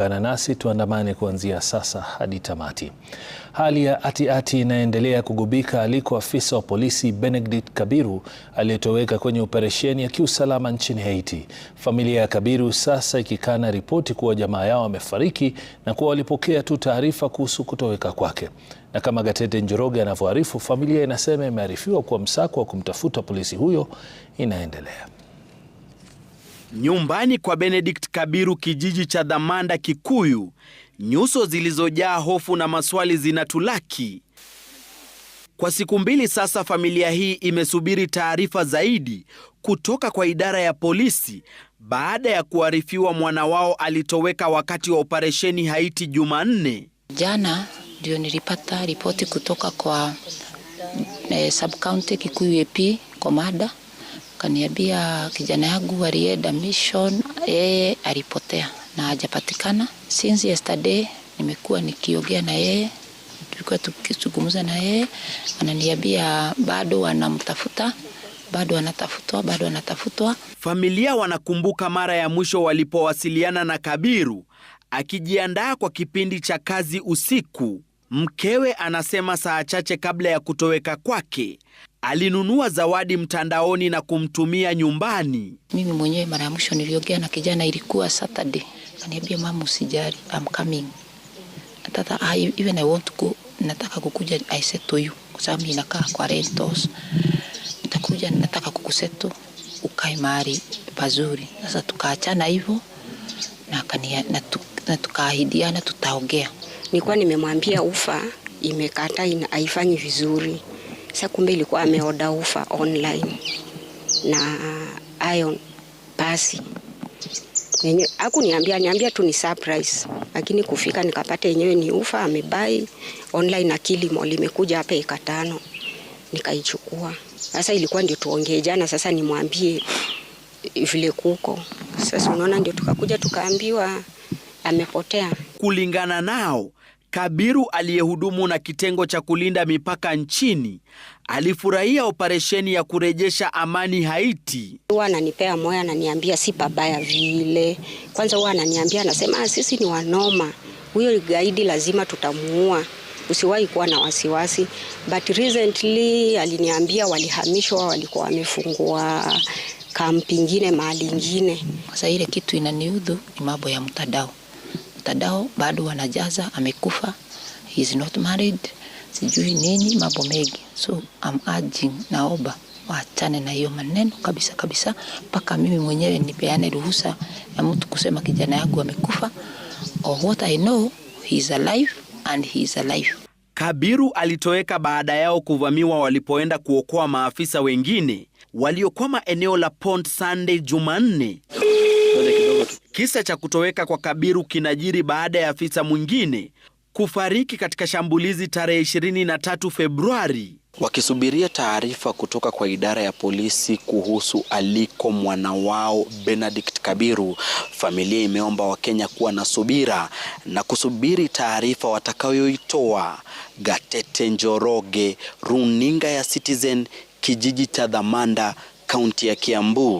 Ungana nasi tuandamane kuanzia sasa hadi tamati. Hali ya atiati inaendelea ati kugubika aliko afisa wa polisi Benedict Kabiru aliyetoweka kwenye operesheni ya kiusalama nchini Haiti. Familia ya Kabiru sasa ikikana ripoti kuwa jamaa yao amefariki na kuwa walipokea tu taarifa kuhusu kutoweka kwake. Na kama Gatete Njoroge anavyoarifu, familia inasema imearifiwa kuwa msako wa kumtafuta polisi huyo inaendelea. Nyumbani kwa Benedict Kabiru, kijiji cha Dhamanda Kikuyu, nyuso zilizojaa hofu na maswali zinatulaki. Kwa siku mbili sasa, familia hii imesubiri taarifa zaidi kutoka kwa idara ya polisi baada ya kuarifiwa mwana wao alitoweka wakati wa operesheni Haiti Jumanne. Jana ndio nilipata ripoti kutoka kwa eh, sub county Kikuyu EP komanda akaniambia kijana yangu alienda mission, yeye alipotea na hajapatikana since yesterday. Nimekuwa nikiongea na yeye, tulikuwa tukizungumza na yeye, ananiambia bado wanamtafuta bado wanatafutwa, bado wanatafutwa. Familia wanakumbuka mara ya mwisho walipowasiliana na Kabiru akijiandaa kwa kipindi cha kazi usiku Mkewe anasema saa chache kabla ya kutoweka kwake alinunua zawadi mtandaoni na kumtumia nyumbani. Mimi mwenyewe mara ya mwisho niliongea na kijana ilikuwa Saturday, kaniambia mama, usijali I'm coming. Tata, ah, I, even I want to go, nataka kukuja I said to you, kwa sababu inakaa kwa rentals, nitakuja, nataka kukuseto ukae mahali pazuri. Sasa tukaachana hivyo na, na tukaahidiana tutaongea nilikuwa nimemwambia ufa imekata ina haifanyi vizuri. Sasa kumbe ilikuwa ameoda ufa online na ion basi yenyewe hakuniambia, niambia tu ni surprise, lakini kufika nikapata yenyewe ni ufa amebai online na kilimo limekuja hapa ikatano nikaichukua. Sasa ilikuwa ndio tuongee jana, sasa nimwambie vile kuko sasa. Unaona, ndio tukakuja tukaambiwa amepotea. Kulingana nao Kabiru aliyehudumu na kitengo cha kulinda mipaka nchini alifurahia operesheni ya kurejesha amani Haiti. Huwa ananipea moyo, ananiambia si pabaya vile. Kwanza huwa ananiambia anasema, ah, sisi ni wanoma, huyo gaidi lazima tutamuua, usiwahi kuwa na wasiwasi. But recently aliniambia walihamishwa, walikuwa wamefungua kampi ingine mahali ingine. Sasa ile kitu inaniudhu ni mambo ya mtandao mtandao bado wanajaza amekufa, he is not married, sijui nini, mambo mengi. So I'm urging, naomba waachane na hiyo maneno kabisa kabisa, mpaka mimi mwenyewe nipeane ruhusa ya mtu kusema kijana yangu amekufa. Or what I know he is alive and he is alive. Kabiru alitoweka baada yao kuvamiwa walipoenda kuokoa maafisa wengine waliokwama eneo la Pont Sunday Jumanne. Kisa cha kutoweka kwa Kabiru kinajiri baada ya afisa mwingine kufariki katika shambulizi tarehe 23 Februari. Wakisubiria taarifa kutoka kwa idara ya polisi kuhusu aliko mwana wao Benedict Kabiru, familia imeomba Wakenya kuwa na subira na kusubiri taarifa watakayoitoa. Gatete Njoroge, runinga ya Citizen, kijiji cha Dhamanda, kaunti ya Kiambu.